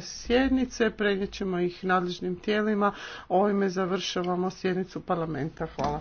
sjednice, prenijet ćemo ih nadležnim tijelima. Ovime završavamo sjednicu parlamenta. Hvala.